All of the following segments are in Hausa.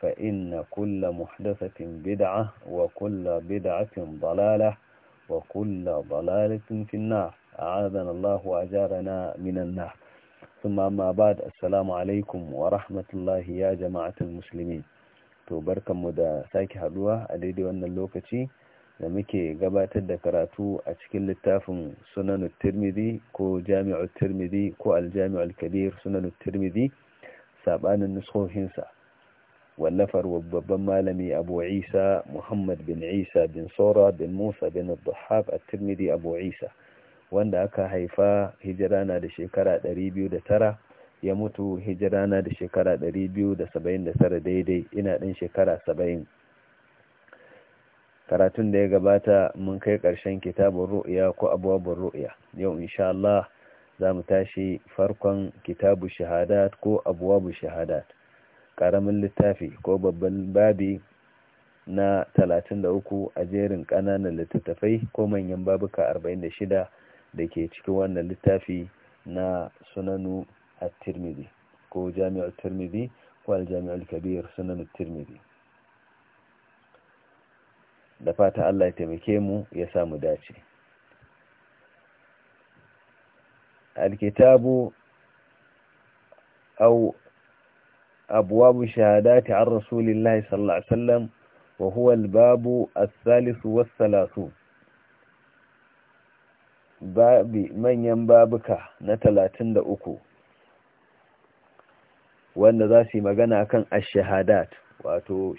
فإن كل محدثة بدعة وكل بدعة ضلالة وكل ضلالة في النار أعاذنا الله وأجارنا من النار ثم ما بعد السلام عليكم ورحمة الله يا جماعة المسلمين to barkanmu da sake haduwa a daidai wannan lokaci da muke gabatar da karatu a cikin littafin sunanu tirmidhi ko jami'u tirmidhi ko aljami'u alkabir sunanu tirmidhi sabanin nuskohinsa wallafar babban malami abu isa muhammad bin isa bin sora bin musa bin al-dhahab a tirmidhi abu isa wanda aka haifa hijirana da shekara 209 ya mutu hijirana da shekara 279 daidai ina ɗin shekara 70 karatun da ya gabata mun kai ƙarshen kitabun ru'ya ko abubuwan ru'ya yau insha Allah za mu tashi farkon kitabu shahadat ko abubuwan shahadat ƙaramin littafi ko babban babi na 33 a jerin ƙananan littattafai ko manyan babuka 46 da ke cikin wannan littafi na sunanu at-tirmidhi ko jami'ar tirmidhi ko aljami'ar kabir sunan tirmidhi da fata Allah ya taimake mu ya samu dace Alkitabu au. أبواب شهادات عن رسول الله صلى الله عليه وسلم وهو الباب الثالث والثلاثون babi manyan babuka na talatin da uku wanda za su yi magana kan ashahadat wato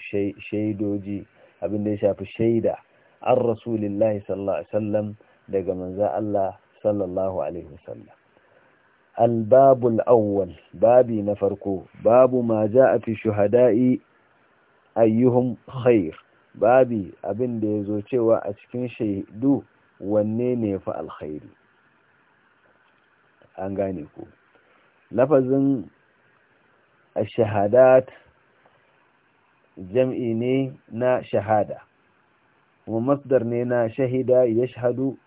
shaidoji abinda ya shafi shaida an rasulillahi sallallahu alaihi wasallam daga manza Allah sallallahu alaihi wasallam albabul awwal babi na farko babu ma ja'a fi shuhada'i ayyuhum khair babi abin da ya zo cewa a cikin shaidu wanne ne fa alkhairi an gane ku lafazin ash-shahadat jam'i ne na shahada kuma masdar ne na shahida ya yashhadu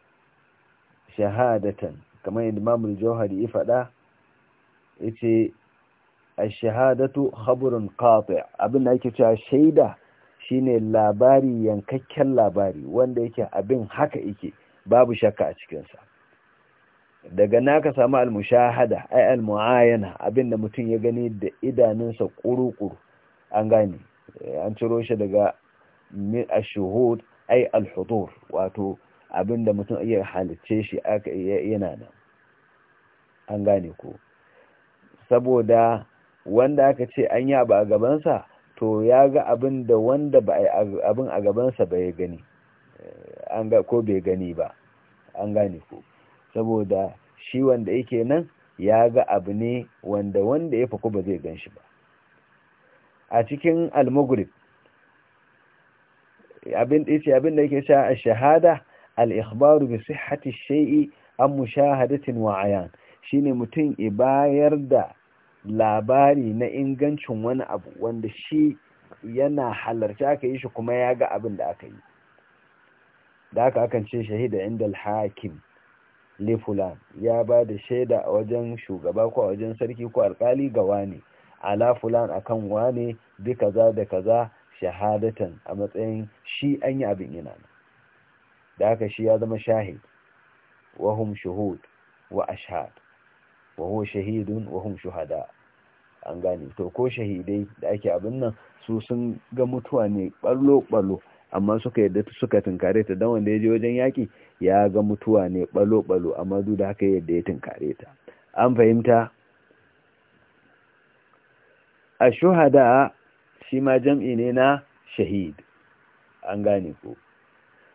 shahadatan kamar yadda mamul jawhari ya faɗa ya ce a shahadatu khaburin qati abin da ake cewa shaida shine labari yankakken labari wanda yake abin haka yake babu shakka a cikinsa daga naka samu almushahada ai almuayana abin da mutum ya gani da idanunsa kuru an gane an ciro shi daga ashuhud ai alhudur wato abinda mutum iya halicce shi aka yana nan an gane ko saboda wanda aka ce an yi abu a gabansa to ya ga abin da wanda ba abin a gabansa ba ya gani eh, an ga ko bai gani ba an gane ko saboda shi wanda yake nan ya ga abu ne wanda wanda ya faku ba zai gan shi ba a cikin almugrib abin da abin da yake sha a shahada al-ikhbaru bi sihati shai'i an mushahadatin wa ayan shine mutum i bayar da labari na ingancin wani abu wanda shi yana halarci aka yi shi kuma ya ga abin da aka yi da aka akan ce shahida inda al-hakim ya ba da shaida a wajen shugaba ko a wajen sarki ko alkali ga wane ala fulan akan wane bi kaza da kaza shahadatan a matsayin shi an yi abin yana da haka shi ya zama shahid wa hum shuhud wa ashhad wa huwa shahidun wa hum shuhada an gane to ko shahidai da ake abin nan su sun ga mutuwa ne ballo ballo amma suka yadda suka tunkare ta dan wanda ya je wajen yaki ya ga mutuwa ne ballo ballo amma duk da haka yadda ya tunkare ta an fahimta ashuhada shi ma jam'i ne na shahid an gane ko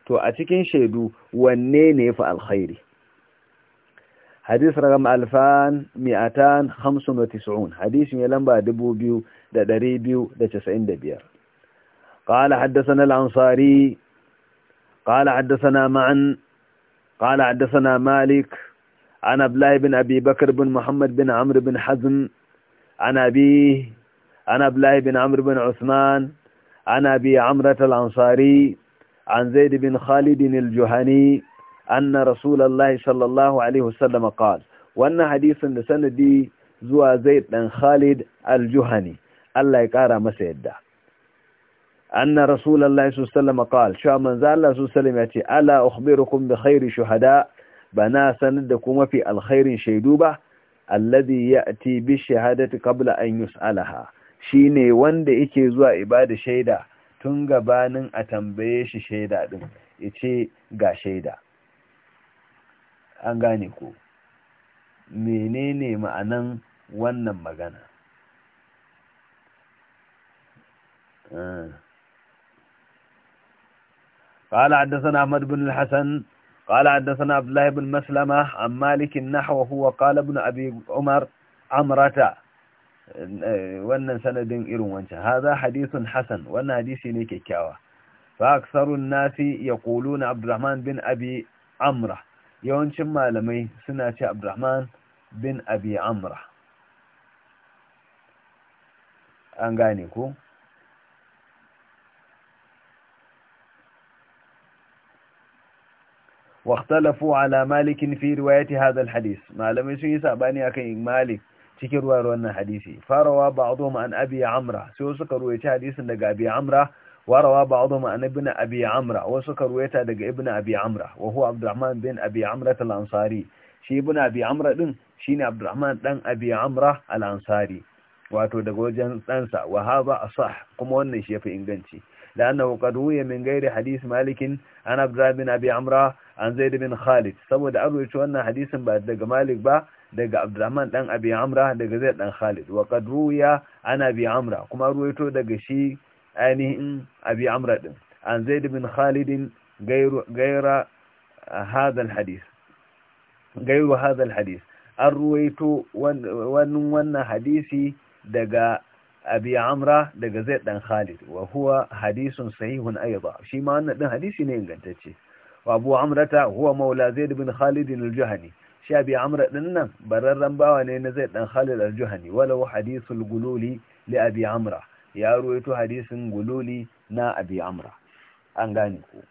to a cikin shaidu wanne ne fi alkhairi hadis ragam alfan mi'atan hamsin watisu'un Hadis mai lamba dubu biyu da dari biyu da casa'in da biyar ƙala haddasa ansari ƙala haddasa na ma'an ƙala haddasa na malik an abdullahi bin abi bakar bin muhammad bin amr bin hazm Ana abi an abdullahi bin amr bin usman an abi amrata al-ansari عن زيد بن خالد الجهني أن رسول الله صلى الله عليه وسلم قال وأن حديث لسندي زوى زيد بن خالد الجهني الله يقارى مسيدة أن رسول الله صلى الله عليه وسلم قال شو من زال الله صلى الله عليه وسلم يأتي ألا أخبركم بخير شهداء بنا سندكم في الخير شيدوبة الذي يأتي بالشهادة قبل أن يسألها shine wanda yake zuwa ibada shaida tun gabanin a tambaye shi shaida din ya ce ga shaida an gane ko menene ma'anan wannan magana ah. قال حدثنا أحمد بن الحسن قال حدثنا عبد الله بن مسلمة عن مالك النحو نحوه قال ابن أبي عمر عمرة wannan sanadin irin wancan haza hadithun hasan wannan hadisi ne kyakkyawa fa aksarun nasi yaquluna abdurrahman bin abi amra yawancin malamai suna ce abdurrahman bin abi amra an gane ko واختلفوا على مالك في رواية هذا الحديث ما لم يسوي ساباني أكي مالك cikin ruwayar wannan hadisi farawa ba zoma an abi ya amra sai wasu ka ruwaye hadisin daga abi ya amra warawa ba zoma an ibn abi amra wasu ka ruwaita daga ibn abi amra wa abdurrahman bin abi amra al-ansari shi ibn abi amra din shine abdurrahman dan abi amra al-ansari wato daga wajen ɗansa wa a sah kuma wannan shi ya fi inganci Da لأنه قد min gairi hadis malikin an abdurrahman bin abi ya amra an zai da bin Khalid. saboda an rawaito wannan hadisin ba daga Malik ba daga abdurrahman dan abi amra daga zaid dan khalid wa qad ruya an abi amra kuma ruwaito daga shi ainihin abi amra din an zaid bin khalid gaira hadha alhadith gairu hadha alhadith an ruwaito wannan wannan hadisi daga abi amra daga zaid dan khalid wa huwa hadisun sahihun ayda shi ma wannan din hadisi ne ingantacce wa abu amrata huwa maula zaid bin khalid al-juhani sha biyu amra din nan bararren bawa ne na zai dan khalid aljuhani walau hadisul gululi li abi amra ya ruwaito hadisin gululi na abi amra an gane ku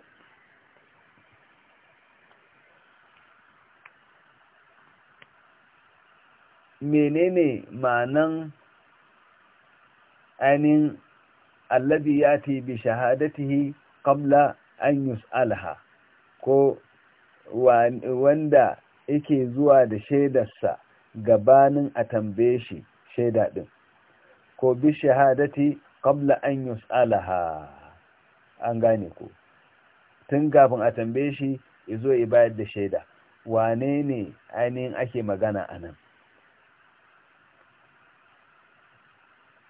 menene ma'anan anin allabi ya ti bi shahadatihi qabla an yus'alha ko wanda yake zuwa da shaidarsa gabanin a tambaye shi shaida ɗin ko bi shahadati qabla an yus'alaha an gane ko tun kafin a tambaye shi izo ya bayar da shaida wane ne ainihin ake magana a nan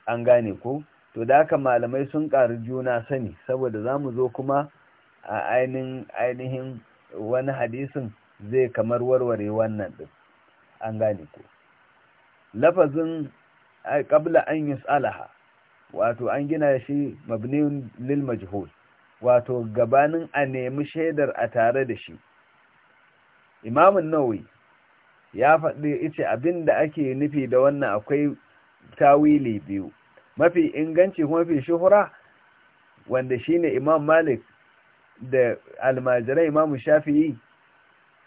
an gane ko to da haka malamai sun ƙari juna sani saboda za mu zo kuma a ainihin wani hadisin zai kamar warware wannan din an gane ko lafazin qabla an tsalaha, wato an gina shi mabniun lil majhul wato gabanin a nemi shaidar a tare da shi imamun nawawi ya faɗi ice abinda ake nufi da wannan akwai tawili biyu mafi inganci kuma mafi shuhura wanda shine imam malik da almajirai imam shafi'i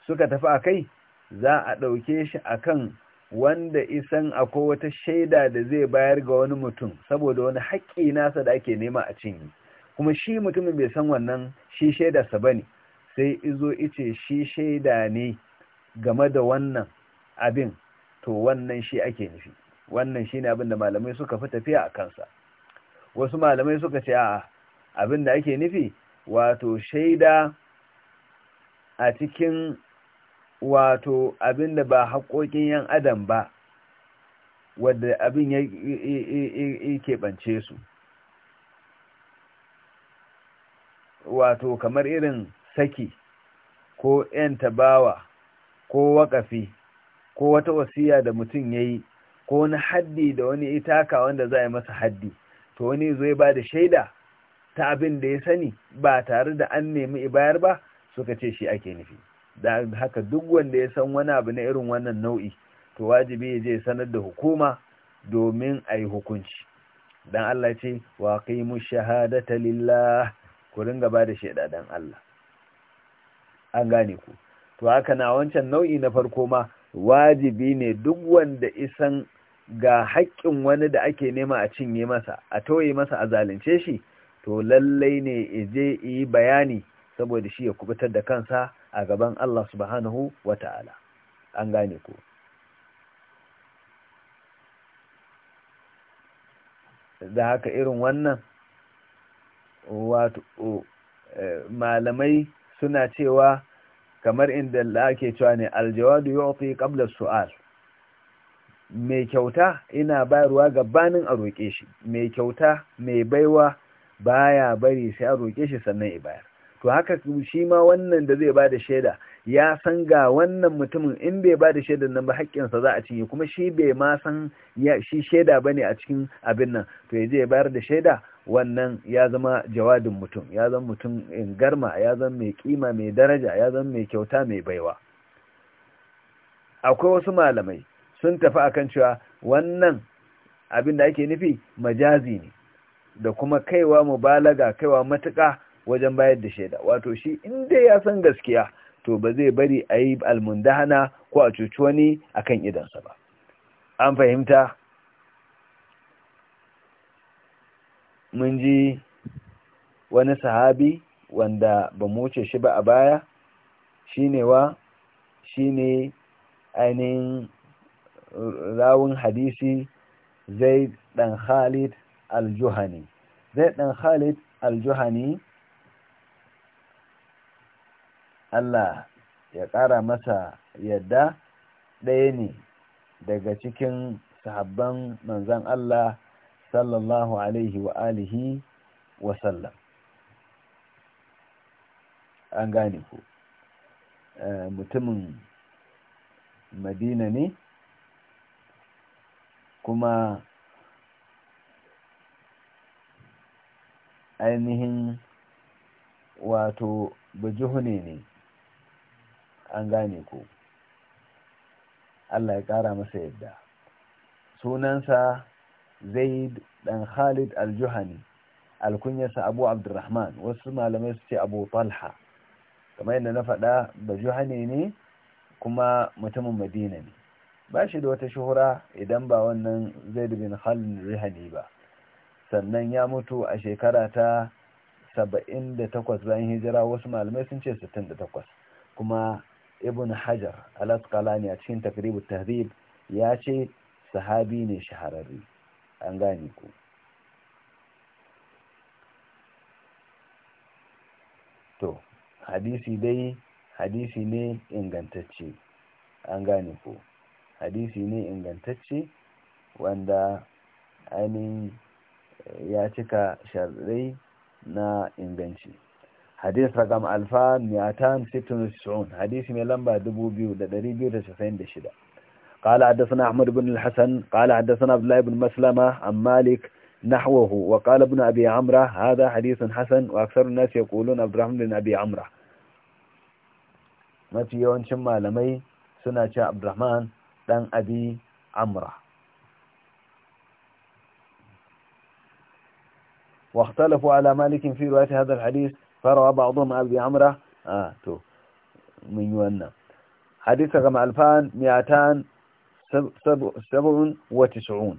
suka tafi a kai za a ɗauke shi a kan wanda isan akwai wata shaida da zai bayar ga wani mutum saboda wani haƙƙi nasa da ake nema a cinye kuma shi mutumin bai san wannan shi shaidarsa ba ne sai izo ice shi shaida ne game da wannan abin to wannan shi ake nufi wannan shi ne abin da malamai suka fi tafiya a kansa wasu malamai suka ce a abin da ake nufi wato shaida a cikin wato abin da ba haƙoƙin yan adam ba wadda abin ya keɓance su wato kamar irin saki ko ‘yan tabawa ko wakafi ko wata wasiya da mutum ya yi ko wani haddi da wani itaka wanda za a masa haddi to wani zai ba da shaida ta abin da ya sani ba tare da an nemi ibayar ba suka ce shi ake nufi da haka duk wanda ya san wani abu na irin wannan nau'i to wajibi ya je sanar da hukuma domin a yi hukunci dan Allah ce wa qimu shahadata lillah ku ringa ba da shaida dan Allah an gane ku to haka na wancan nau'i na farko ma wajibi ne duk wanda isan ga haƙƙin wani da ake nema a cinye masa a toye masa a zalunce shi to lallai ne je yi bayani saboda shi ya kubutar da kansa a gaban Allah subhanahu wa ta'ala an gane ku da haka irin wannan wato eh, malamai suna cewa kamar inda Allah cewa ne aljawadu yu'ti qabla su'al mai kyauta ina bayarwa gabanin a roƙe shi mai kyauta mai baiwa baya bari sai a roƙe shi sannan ibayar. to haka shi ma wannan da zai bada shaida ya san ga wannan mutumin in bai ba da shaida, nan ba haƙƙinsa za a cinye kuma shi bai ma san shi shaida ba ne a cikin abin nan to ya zai ya bayar da shaida wannan ya zama jawadin mutum ya zama mutum in garma ya zama mai kima mai daraja ya zama mai kyauta mai baiwa akwai wasu malamai sun tafi akan cewa wannan abin da ake nufi majazi ne da kuma kaiwa mubalaga kaiwa matuƙa wajen bayar da shaida wato shi inda ya san gaskiya to ba zai bari a yi almundahana ko a cuci wani a kan idansa ba an fahimta mun ji wani sahabi wanda ba mu wuce shi ba a baya shi ne wa shi ne ainihin rawun hadisi zai dan khalid aljuhani. juhani zai dan khalid al Allah ya ƙara masa yadda ɗaya ne daga cikin sahabban manzan Allah sallallahu alaihi wa alihi wa sallam an gane ku eh, mutumin madina ne kuma ainihin wato bujuhuni ne an gane ko Allah ya kara masa yadda sunansa zaid dan khalid al-juhani alkunyarsa abu abdurrahman wasu malamai su ce abu talha kamar yadda na faɗa da juhani ne kuma mutumin madina ne ba shi da wata shuhura idan ba wannan zaid bin khalid rihani ba sannan ya mutu a shekara ta 78 bayan hijira wasu malamai sun ce 68 kuma ibn hajar alaskalani a cikin takribu tahrib ya ce sahabi ne shahararri an gane ku to hadisi dai hadisi ne ingantacce an gane ku hadisi ne ingantacce wanda ainihin ya cika sharrai na inganci حديث رقم 2296 حديث من لمبا دبو بيو دري بيو تسفين دشدا قال حدثنا أحمد بن الحسن قال حدثنا عبد الله بن مسلمة عن مالك نحوه وقال ابن أبي عمرة هذا حديث حسن وأكثر الناس يقولون عبد الرحمن بن أبي عمرة ما تيون شما لمي سنة عبد الرحمن بن أبي عمرة واختلفوا على مالك في رواية هذا الحديث farawa ba abun ma'abi amra a to mun yi wannan hadisa ga alfan miyatan saba'un wa tis'un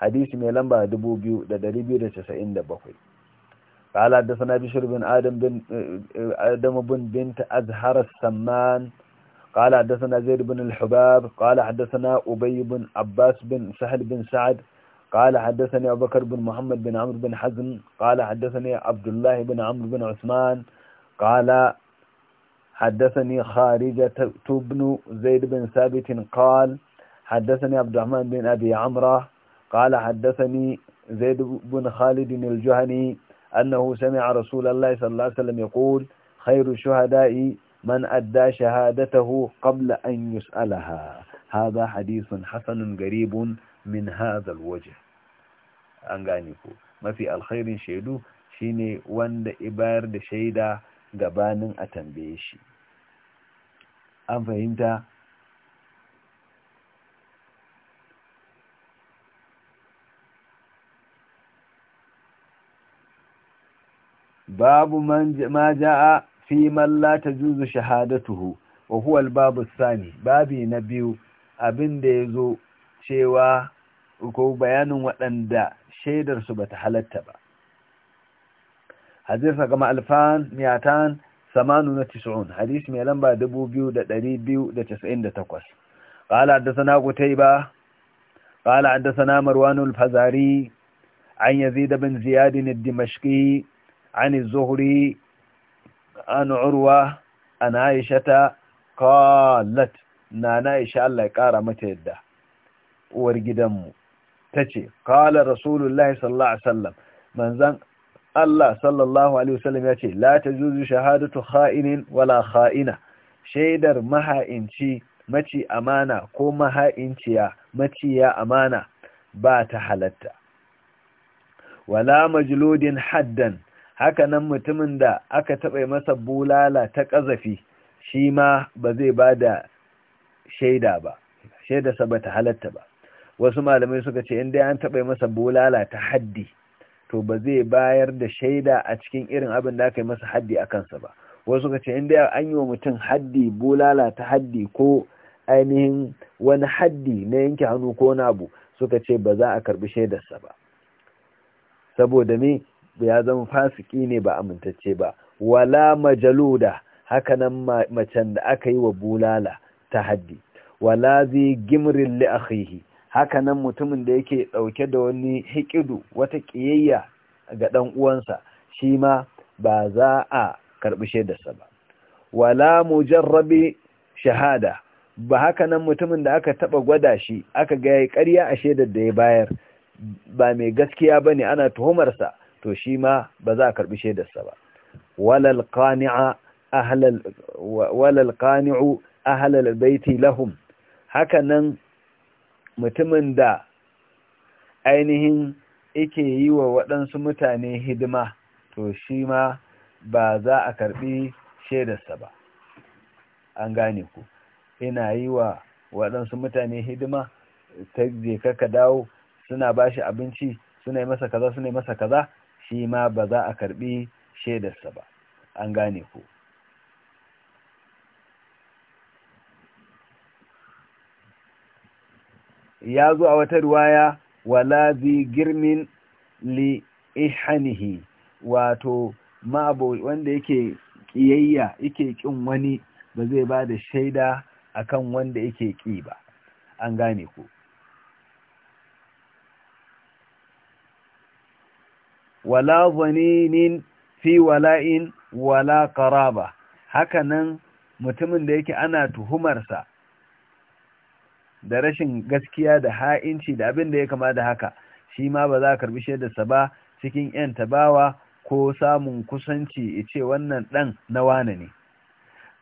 hadisi mai lamba dubu biyu da dari biyu da casa'in da bakwai قال bin بشر bin آدم قال حدثنا زيد بن الحباب قال حدثنا أبي بن عباس بن سهل بن سعد قال حدثني أبو بكر بن محمد بن عمرو بن حزم قال حدثني عبد الله بن عمرو بن عثمان قال حدثني خارجة بن زيد بن ثابت قال حدثني عبد الرحمن بن أبي عمرة قال حدثني زيد بن خالد الجهني أنه سمع رسول الله صلى الله عليه وسلم يقول خير الشهداء من أدى شهادته قبل أن يسألها هذا حديث حسن قريب min hadha alwajh an gane ko mafi alkhairin shaidu shine wanda ibayar da shaida gabanin a tambaye shi an fahimta babu ma ja'a fi man la tajuzu shahadatuhu wa huwa al-babu thani babi na biyu abin da yazo cewa ko bayanin waɗanda shaidarsu ba ta halatta ba hadisa kama alfan miyatan samanu na tis'un hadis mai lamba dubu biyu da ɗari biyu da casa'in da takwas ƙala ƙala marwanul fazari an yazid bin ziyadin dimashqi an zuhri an urwa an aishata qalat na na isha Allah ya ƙara mata yadda uwar gidanmu ta ce kala rasulullahi sallallahu alaihi wasallam manzan Allah sallallahu alaihi wasallam ya ce la tajuzu shahadatu kha'inin wala ha'ina shaidar maha'inci maci amana ko maha'inciya maciya amana ba ta halatta wala majludin haddan haka nan mutumin da aka taɓa masa bulala ta ƙazafi shi ma ba zai ba da shaida ba shaidarsa ba ta halatta ba wasu malamai suka ce in dai an taɓa masa bulala ta haddi to ba zai bayar da shaida a cikin irin abin da aka yi masa haddi a kansa ba wasu suka ce in dai an yi wa mutum haddi bulala ta haddi ko ainihin wani haddi na yanke hannu ko na abu suka ce ba za a karbi shaidarsa ba saboda me ya zama fasiki ne ba amintacce ba wala majaluda Haka nan macen da aka yi wa bulala ta haddi wala zai gimrin li'akhihi hakanan mutumin da yake ɗauke da wani hikidu wata ƙiyayya ga ɗan uwansa shi ma ba za a karɓi shaidarsa ba wala mujarrabi shahada ba hakanan mutumin da aka taɓa gwada shi aka ga ya ƙarya a shaidar da ya bayar ba mai gaskiya ba ne ana tuhumarsa to shi ma ba za a karɓi shaidarsa ba walal qani'u ahlal baiti lahum hakanan mutumin da ainihin yake yi wa waɗansu mutane hidima to shi ma ba za a karɓi shaidarsa ba an gane ku ina yi wa waɗansu mutane hidima ta je ka dawo suna ba shi abinci suna yi masa kaza suna yi masa kaza shi ma ba za a karɓi shaidarsa ba an gane ku ya zo a wata ruwaya wala zi girmin li ihanihi wato ma'abo wanda yake kiyayya yake kin wani ba zai ba da shaida akan wanda yake ki ba an gane ku wala zaninin fi wala'in wala qaraba hakanan mutumin da yake ana tuhumarsa da rashin gaskiya da ha'inci da abin da ya kama da haka shi ma ba za a karbi sa ba cikin ‘yan tabawa ko samun kusanci ice wannan ɗan na wane ne.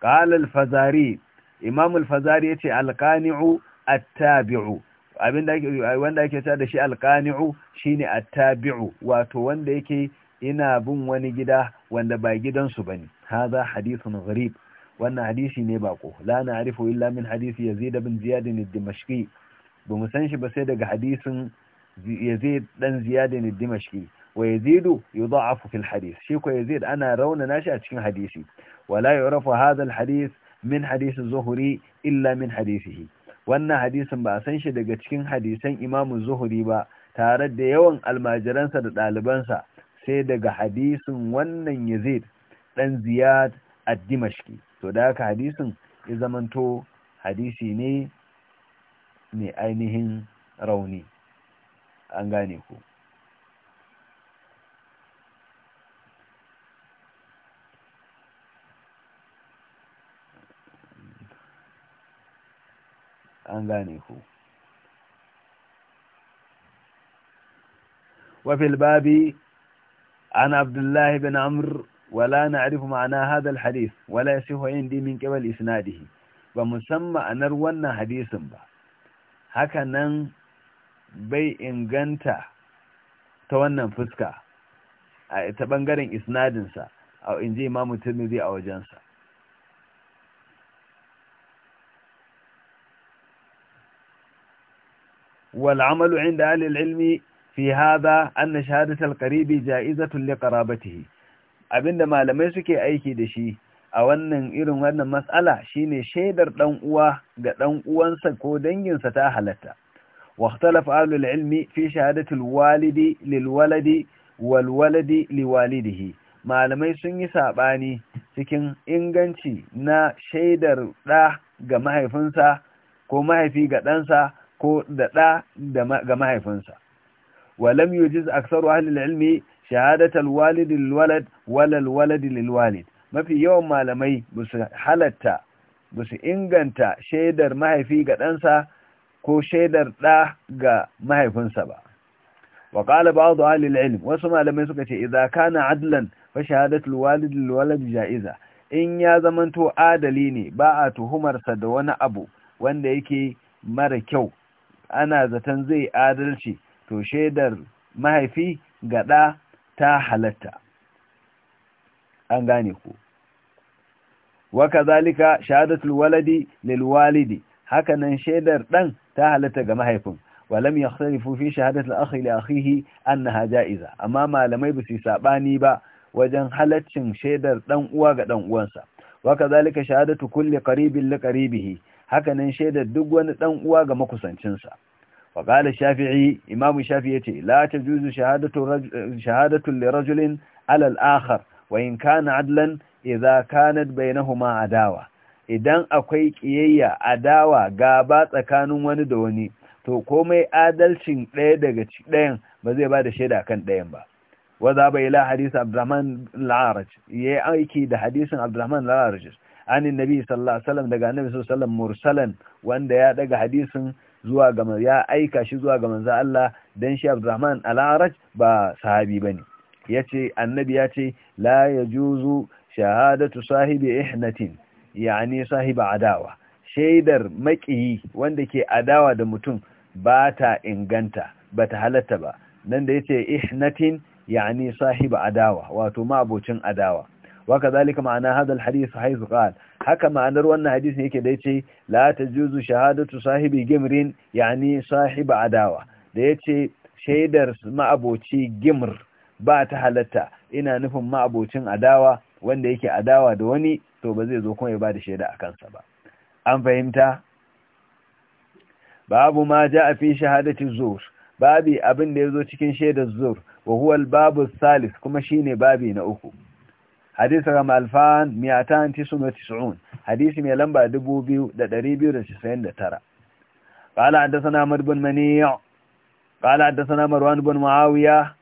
ƙalal fazari imam Al-Fazari ya ce alƙani'u attabi'u wanda ake ta da shi alƙani'u shi ne attabi'u wato wanda yake ina bin wani gida wanda ba gidansu ba ne haza hadithun gharib wannan hadisi ne bako la na arifu illa min hadisi yazid bin ziyad ad-dimashqi ba mu san shi ba sai daga hadisin yazid dan ziyad ad-dimashqi wa yazidu yudha'afu fil hadis shi ko yazid ana raunana shi a cikin hadisi wala yu'rafu hadha al hadis min hadisin zuhuri illa min hadisihi wannan hadisin ba a san shi daga cikin hadisan imamu zuhuri ba tare da yawan almajiransa da ɗalibansa sai daga hadisin wannan yazid ɗan ziyad ad-dimashki to da haka hadisin ya zamanto hadisi ne mai ainihin rauni an gane ku an gane ku وفي الباب عن عبد الله بن عمرو ولا نعرف معنى هذا الحديث ولا يصح عندي من قبل إسناده ومسمى ان wannan hadisin ba هكذا بي bai inganta ta wannan fuska a ta bangaren isnadinsa a inji imamu او a والعمل عند أهل العلم في هذا أن شهادة القريب جائزة لقرابته Abin da malamai suke aiki da shi a wannan irin wannan mas'ala shine shaidar dan uwa ga ɗan'uwansa ko danginsa ta halatta واختلف أهل العلم في شهادة الوالد للولد والولد لوالده malamai sun yi saɓani cikin inganci na shaidar ɗa ga mahaifinsa ko mahaifi ga ɗansa ko da ɗa ga mahaifinsa walam yujiz aksaru ahlul ilmi shahadatal walid walad walal waladi lil walid mafi yawan malamai ba su halatta inganta shaidar mahaifi ga ɗansa ko shaidar ɗa ga mahaifinsa ba wa qala ba'd ahli al-ilm wasu malamai suka ce idza kana adlan fa shahadatul walid lil walad ja'iza in ya zamanto adali ne ba a tuhumar sa da wani abu wanda yake mara kyau ana zaton zai adalci to shaidar mahaifi ga ɗa ta halatta an gane ku wa kazalika shahadatul waladi lil walidi hakanan shaidar dan ta halatta ga mahaifin walam yakhtalifu fi shahadatul akhi li akhihi annaha ja'iza amma malamai ba su sabani ba wajen halaccin shaidar dan uwa ga dan uwansa wa kazalika shahadatu kulli qaribin li qaribihi hakanan shaidar duk wani dan uwa ga makusancinsa faƙalar shafi'i imamu shafi ya ce la ta juzu shahadatun lirajulin alal akhar wa in kana adlan idza kanat bainahuma adawa idan akwai kiyayya adawa gaba tsakanin wani da wani to komai adalcin ɗaya daga ɗayan ba zai ba da shaida kan ɗayan ba waza bai ila hadis abdurrahman al-araj yayi aiki da hadisin abdurrahman al-araj anin nabi sallallahu alaihi wasallam daga annabi sallallahu alaihi wasallam mursalan wanda ya daga hadisin zuwa ga ya aika shi zuwa ga manzo Allah dan shi Abdurrahman al-Araj ba sahabi bane yace annabi yace la yajuzu shahadatu sahibi ihnatin yani sahiba adawa shaidar maƙiyi wanda ke adawa da mutum ba ta inganta ba ta halatta ba nan da yace ihnatin yani sahiba adawa wato ma'abocin adawa وكذلك معنى هذا الحديث حيث قال haka ma'anar wannan hadisin yake da yace la tajuzu shahadatu sahibi gimrin yani sahibi adawa da yace shaidar ma'aboci gimr ba ta halatta ina nufin ma'abocin adawa wanda yake adawa da wani to ba zai zo kuma ya bada shaida a kansa ba an fahimta babu ma ja fi shahadati zur babi abin da yazo cikin shaidar zur wa babu salis kuma shine babi na uku حديث رقم 2299 حديث من لمبا 2299 قال حدثنا عمر بن منيع قال حدثنا مروان بن معاوية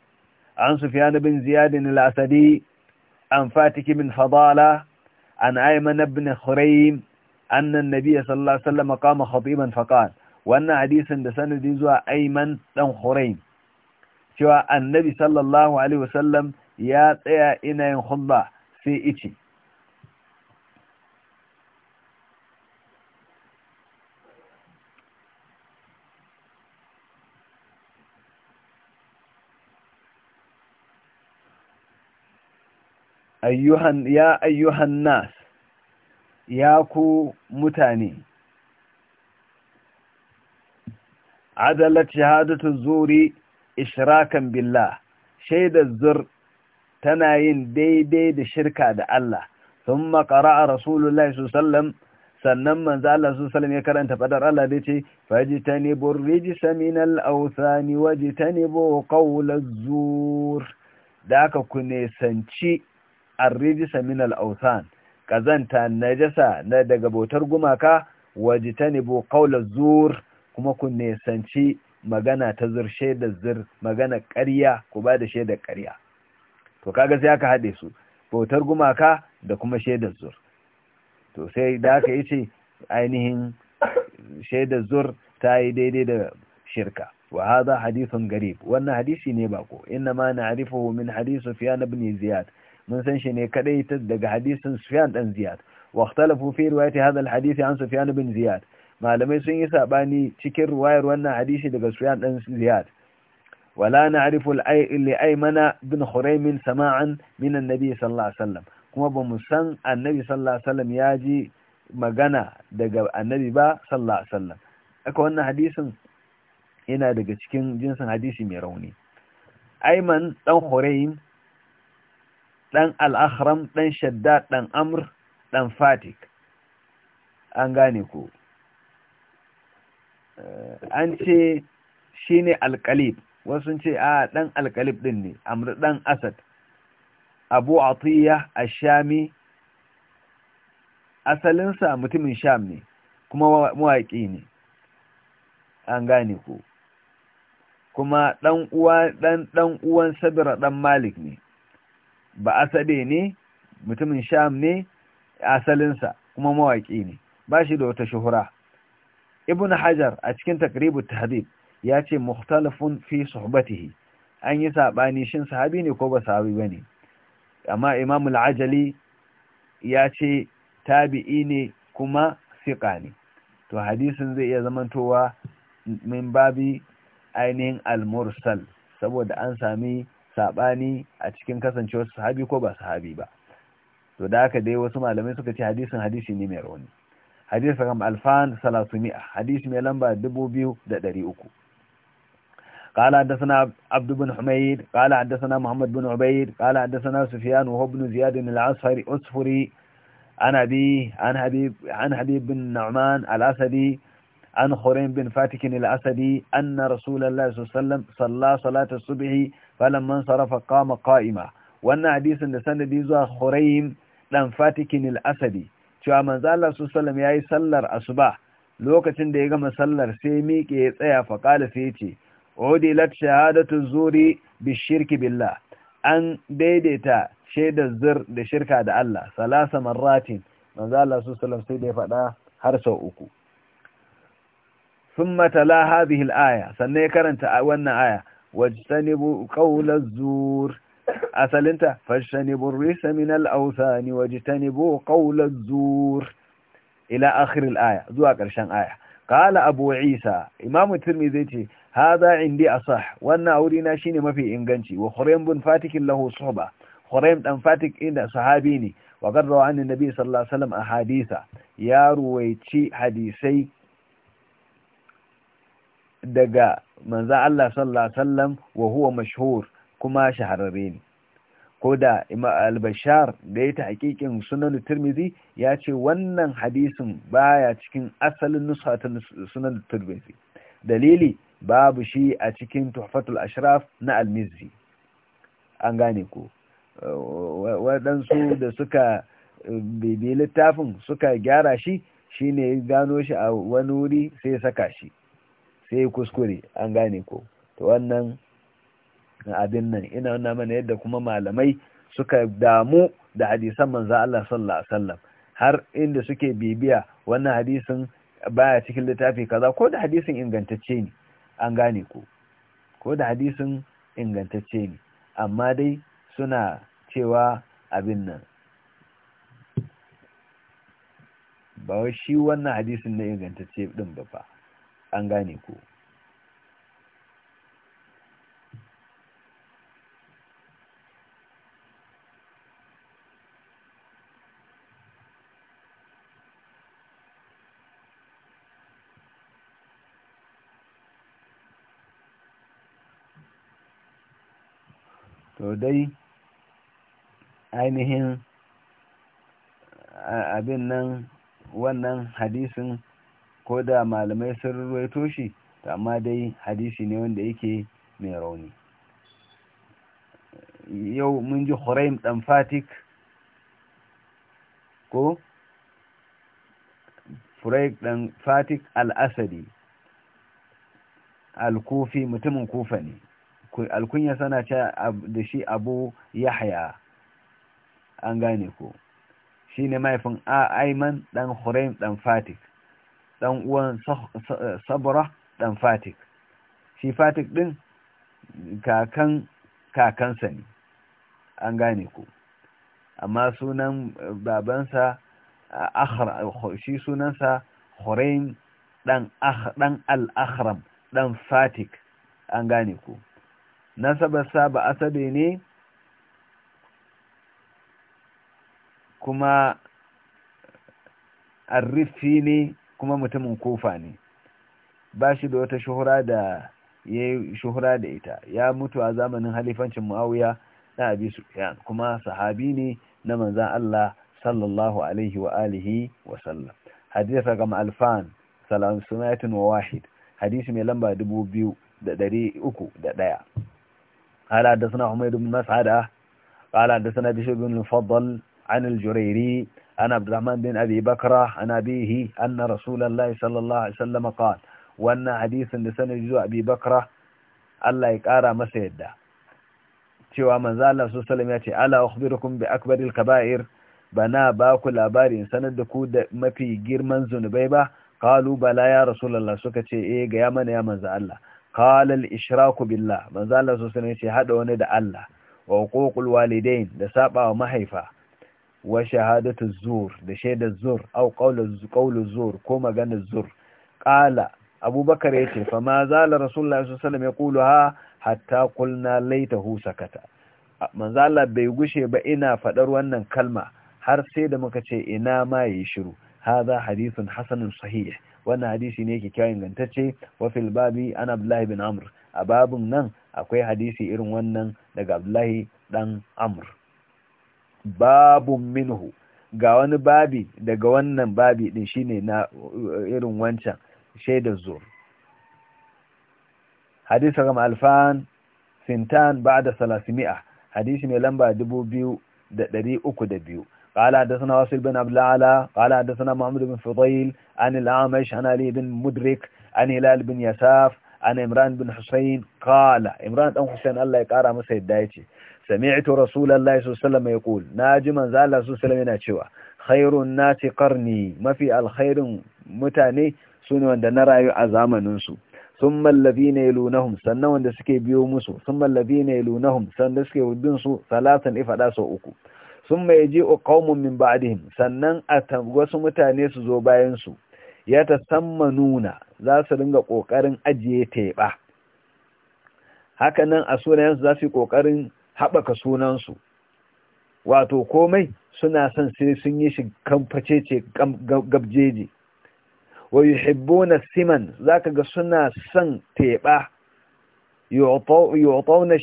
عن سفيان بن زياد الأسدي عن فاتك بن فضالة عن أيمن بن خريم أن النبي صلى الله عليه وسلم قام خطيبا فقال وأن حديثا دسان ديزوا أيمن بن خريم شوى النبي صلى الله عليه وسلم يا إنا ينخل الله سي ايها يا ايها الناس يا كو متاني عدلت شهاده الزور اشراكا بالله شيد الزر tana yin daidai da shirka da Allah sun makara a rasulullahi su sallam sannan manzo Allah su sallam ya karanta fadar Allah da ce fajitani burrijisa min al-awthani wajitani ta qawl kawular zur da aka ku nesanci a riji rijisa min al na jasa najasa na daga bautar gumaka waje ta qawl kawular kuma ku nesanci magana ta zurshe da zur magana ƙarya ku ba da shaidar ƙarya to kaga sai aka haɗe su bautar gumaka da kuma shaidar zur to sai da aka yi ce ainihin shaidar zur ta yi daidai da shirka wa hadha hadithun garib wannan hadisi ne bako inna ma na'rifuhu min hadith Sufyan ibn Ziyad mun san shi ne kadai daga hadisin Sufyan dan Ziyad wa ikhtalafu fi riwayati hadha alhadith an Sufyan ibn Ziyad malamai sun yi sabani cikin riwayar wannan hadisi daga Sufyan dan Ziyad wala na'rifu li aymana bin khuraymin sama'an min annabi sallallahu alaihi wasallam kuma ba mu san annabi sallallahu alaihi wasallam ya ji magana daga annabi ba sallallahu alaihi wasallam aka wannan hadisin yana daga cikin jinsin hadisi mai rauni aiman dan hurayn dan al-ahram dan shaddad dan amr dan fatik an gane ko an ce shine alqalib wasu sun ce a ɗan alkalif ɗin ne amur ɗan asad abu atiya shami asalinsa mutumin sham ne kuma mawaƙi ne an gane ku kuma ɗan uwa uwan sabira ɗan malik ne ba asade ne mutumin sham ne asalinsa kuma mawaƙi ne ba shi da wata shuhura ibn hajar a cikin takribu tahdib ya ce muhtalafun fi sohbatihi an yi saɓani shin sahabi ne ko ba sahabi ba ne amma imamul al'ajali ya ce tabi'i ne kuma siƙa ne to hadisin zai iya zamantowa min babi ainihin almursal saboda an sami saɓani a cikin kasancewar sahabi ko ba sahabi ba to da haka dai wasu malamai suka ce hadisin hadisi ne mai rauni hadisi kam alfan mi'a hadisi mai lamba dubu biyu da ɗari uku قال حدثنا عبد بن حميد قال حدثنا محمد بن عبيد قال حدثنا سفيان وهو بن زياد العصفري أسفري عن أبي عن حبيب عن حبيب بن نعمان الأسدي عن خريم بن فاتك الأسدي أن رسول الله صلى الله عليه وسلم صلى صلاة الصبح فلما انصرف قام قائما وأن حديث لسندي زوى خريم بن فاتك الأسدي cewa manzo زال الله صلى الله عليه وسلم lokacin da ya gama sallar sai miƙe ya tsaya faqala sai ya udilat shahadatu zuri bi shirki billah an daidaita shaidar zur da shirka da Allah salasa marratin manzo Allah su sallam sai da faɗa har sau uku thumma tala hadhihi aya sannan ya karanta wannan aya wajtanibu qawla zur asalinta fajtanibu ar-risa min al-awthani wajtanibu qawla zur ila akhir al-aya zuwa ƙarshen aya qala abu isa turmi zai ce hada indi asah wannan aure na shine mafi inganci wa khurayb bin fatik lahu suhba khurayb dan fatik inda sahabi ne wa qad rawa an sallallahu alaihi wasallam ahaditha ya ruwaici hadisai daga manzo Allah sallallahu alaihi wasallam wa huwa mashhur kuma shahararre ne ko da al-bashar da ya ta hakikin sunan tirmidhi ya ce wannan hadisin baya cikin asalin nusa ta sunan tirmidhi dalili babu shi a cikin tuhfatul ashraf na al almizzi an gane ko waɗansu da suka eh, bibi littafin suka gyara shi shine ya gano shi a wani wuri sai saka shi sai kuskure an gane ko to wannan abin nan ina wannan mana yadda kuma malamai suka damu da hadisan manzo Allah sallallahu alaihi wasallam har inda suke bibiya wannan hadisin baya cikin littafi kaza ko da hadisin ingantacce ne an gane ku. ko da hadisin ingantacce ne amma dai suna cewa abin nan ba shi wannan hadisin na ingantacce din ba fa an gane ku. to dai ainihin abin nan wannan hadisin ko da malamai sun ruwaito shi amma dai hadisi ne wanda yake mai rauni yau mun ji huraim dan fatik ko furaik dan fatik al-asadi al-kufi mutumin kufa ne alkunya sana ce da shi abu yahya an gane ko shi ne mahaifin aiman dan hurain dan fatik dan uwan sabura dan fatik shi fatik din kakan kakansa ne an gane ko amma sunan eh, babansa shi sunansa huraim dan al-akhram dan fatik an gane ku. nasabarsa ba asabe ne kuma arrifi ne kuma mutumin kofa ne ba shi da wata shuhura da ya yi shuhura da ita ya mutu a zamanin halifancin ma'auya na abi sufyan kuma sahabi ne na manzan Allah sallallahu alaihi wa alihi wa sallam hadith raqam alfan salam sunayatun wa wahid hadisi mai lamba 2301 قال حدثنا حميد بن مسعدة قال حدثنا بشير بن المفضل عن الجريري عن عبد الرحمن بن أبي بكرة عن أبيه أن رسول الله صلى الله عليه وسلم قال وأن حديث لسنة جزء أبي بكرة الله يكارى مسيدة cewa manzo Allah sallallahu alaihi ya ce ala ukhbirukum bi akbaril kaba'ir bana ba ku labarin sanar da ku da mafi girman zunubai ba qalu bala ya rasulullah suka ce e ga mana ya manzo Allah qala al Billa, billah manzo Allah so sanin ce hada wani da Allah wa huququl walidain da sabawa mahaifa wa shahadatu zur da shaidar zur au qawlu zur ko maganar zur qala abubakar yace fa ma zala rasulullahi sallallahu alaihi hatta qulna laitahu sakata manzo Allah bai gushe ba ina fadar wannan kalma har sai da muka ce ina ma yi shiru hadha hadithun hasanun sahih wannan hadisi ne yake kyau gantacce wa fil babi ana abdullahi bin amr a babun nan akwai hadisi irin wannan daga abdullahi dan amr Babu minhu ga wani babi daga wannan babi din shine na uh, irin wancan shaida zur hadisi ram alfan sintan ba'da salasimi'a hadisi mai lamba dubu biyu da ɗari uku da biyu قال حدثنا واصل بن عبد الأعلى قال حدثنا محمد بن فضيل عن الأعمش عن علي بن مدرك عن هلال بن يساف عن عمران بن حسين قال عمران بن حسين الله يقرأ مسيد دايتي سمعت رسول الله صلى الله عليه وسلم يقول ناجي من زال الله صلى الله عليه وسلم خير الناس قرني ما في الخير متاني سنو عند نرى عزاما ننسو ثم الذين يلونهم سنة وند سكي بيومسو ثم الذين يلونهم سنة سكي ودنسو ثلاثا إفدا سوءكو sun mai ji qaumun min ba'dihim sannan a wasu mutane su zo bayansu, bayan su samma nuna za su ringa kokarin ajiye teɓa hakanan a sunayensu za su yi kokarin haɓaka sunansu wato komai suna son sai sun yi shi kamfacece gabjeje wa na siman zaka ga suna son teɓa yu'tuna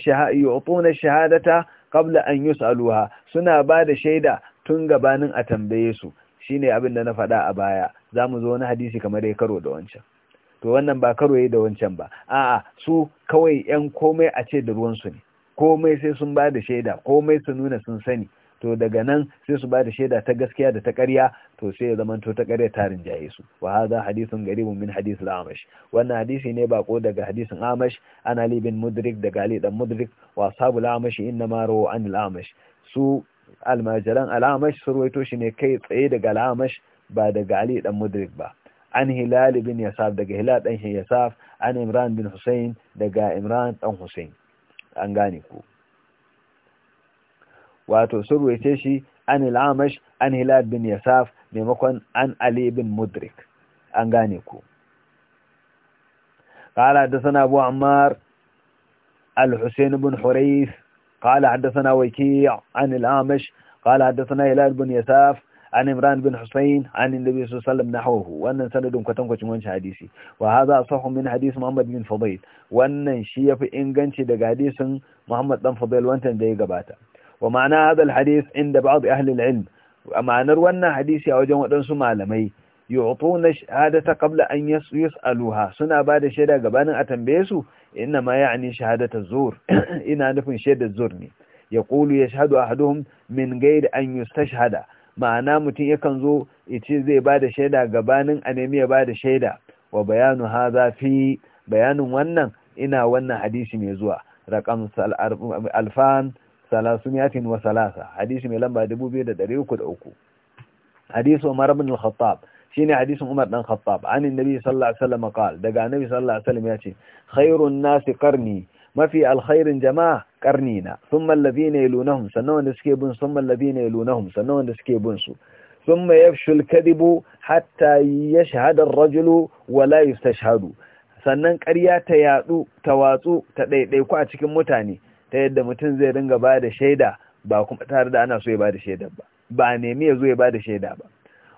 shahadata Kabla an aluha suna ba da shaida tun gabanin a tambaye su shine abin da na faɗa a baya zamu zo wani hadisi kamar dai karo da wancan to wannan ba karo da wancan ba a'a su kawai yan komai a ce da ruwan su ne komai sai sun ba da shaida komai su nuna sun sani to daga nan sai su bada shaida ta gaskiya da ta ƙarya to sai ya zamanto ta ƙarya ta rinjaye su wa hadha hadithun garibun min hadith al-amash wannan hadisi ne bako daga hadisin amash an ali bin mudrik da gali dan mudrik wa sabu al-amash inna ma rawu an al-amash su almajiran al-amash su ruwaito shi ne kai tsaye daga al-amash ba daga ali dan mudrik ba an hilal bin yasaf daga hilal dan yasaf an imran bin husain daga imran dan husain an gane ku wato sun shi an il'amash an hilal bin yasaf maimakon an ali bin mudrik an gane ku قال حدثنا أبو عمار الحسين بن حريث قال حدثنا وكيع عن الآمش قال حدثنا هلال بن يساف عن عمران بن حسين عن النبي صلى الله عليه وسلم نحوه وأن سندهم كتنكو من حديثي وهذا min من حديث محمد بن فضيل وأن شيء في إنجانش دقى حديث محمد بن فضيل وأنت دقى gabata. wa ma'ana hadal hadis inda ba'd ahli al-ilm ma'anar wannan hadisi a wajen waɗansu malamai na yu'tuna shahadata qabla an luha suna ba da shaida gabanin a tambaye su inna ma ya'ni shahadata zur ina nufin shaidar zur ne ya yaqulu yashhadu ahaduhum min anyus ta shahada ma'ana mutum yakan zo yace zai ba da shaida gabanin a nemi ya bada da shaida wa bayanu hadha fi bayanin wannan ina wannan hadisi mai zuwa raqam alfan salasumiyatin wa salasa hadisi mai lamba 2303 hadisu umar ibn al-khattab shine hadisin umar dan khattab an annabi sallallahu alaihi wasallam qala daga annabi sallallahu alaihi wasallam yace khairun nasi qarni mafi alkhairin jama'a qarnina thumma alladhina yalunhum sannan wanda suke bin thumma alladhina yalunhum sannan wanda suke bin su thumma yafshul kadhibu hatta yashhada ar-rajulu wa la yustashhadu sannan ƙarya ta yadu ta watsu ta daidaiku a cikin mutane ta yadda mutum zai ringa ba da shaida ba kuma tare da ana so ya ba da shaida ba ba nemi ya zo ya ba da shaida ba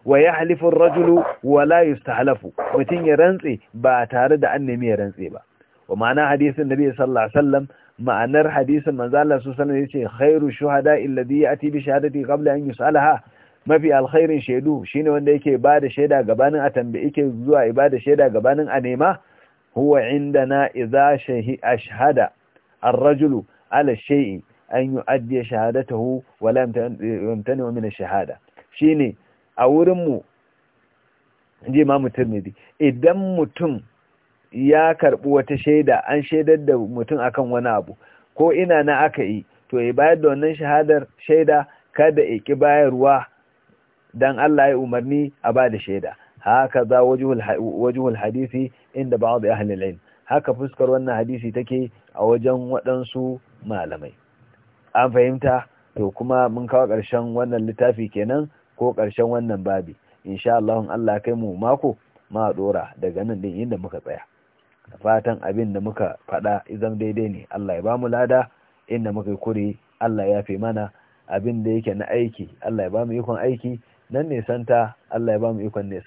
wa ya halifin rajulu wa la yustahlafu mutum ya rantse ba tare da an nemi ya rantse ba wa ma'ana hadisin nabi sallallahu alaihi wasallam ma'anar hadisin manzo Allah su sanar yace khairu shuhada alladhi yati bi shahadati qabla an yusalaha mafi alkhairin shaidu shine wanda yake ba da shaida gabanin a tambaye yake zuwa ibada shaida gabanin a nema huwa na iza ashhada an rajulu ala shay'i an yu'addi shahadatahu wa la yamtani min ash-shahada shine a wurin mu inji Imam Tirmidhi idan mutum ya karbi wata shaida an shaidar da mutum akan wani abu ko ina na aka yi to ya bayar da wannan shahadar shaida kada ya ki bayarwa dan Allah ya umarni a ba da shaida haka za wajuhul hadisi inda ba'd ahli al-ilm haka fuskar wannan hadisi take a wajen waɗansu malamai an fahimta to kuma mun kawo ƙarshen wannan littafi kenan ko ƙarshen wannan babi insha Allah Allah kai mu mako ma dora daga nan din inda muka tsaya fatan abin da muka faɗa idan daidai ne Allah ya ba mu lada inda muka yi kuri Allah ya fi mana abin da yake na aiki Allah ya ba mu ikon aiki nan ne santa Allah ya ba mu ikon ne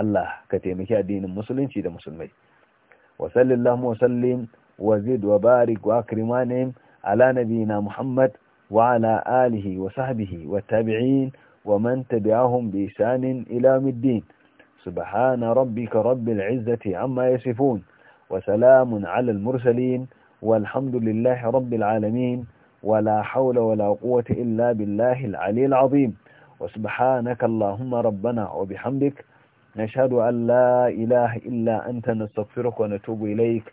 Allah ka taimaki addinin musulunci da musulmai wa sallallahu wa وزد وبارك وأكرمانهم على نبينا محمد وعلى آله وصحبه والتابعين ومن تبعهم بإحسان إلى الدين سبحان ربك رب العزة عما يصفون وسلام على المرسلين والحمد لله رب العالمين ولا حول ولا قوة إلا بالله العلي العظيم وسبحانك اللهم ربنا وبحمدك نشهد أن لا إله إلا أنت نستغفرك ونتوب إليك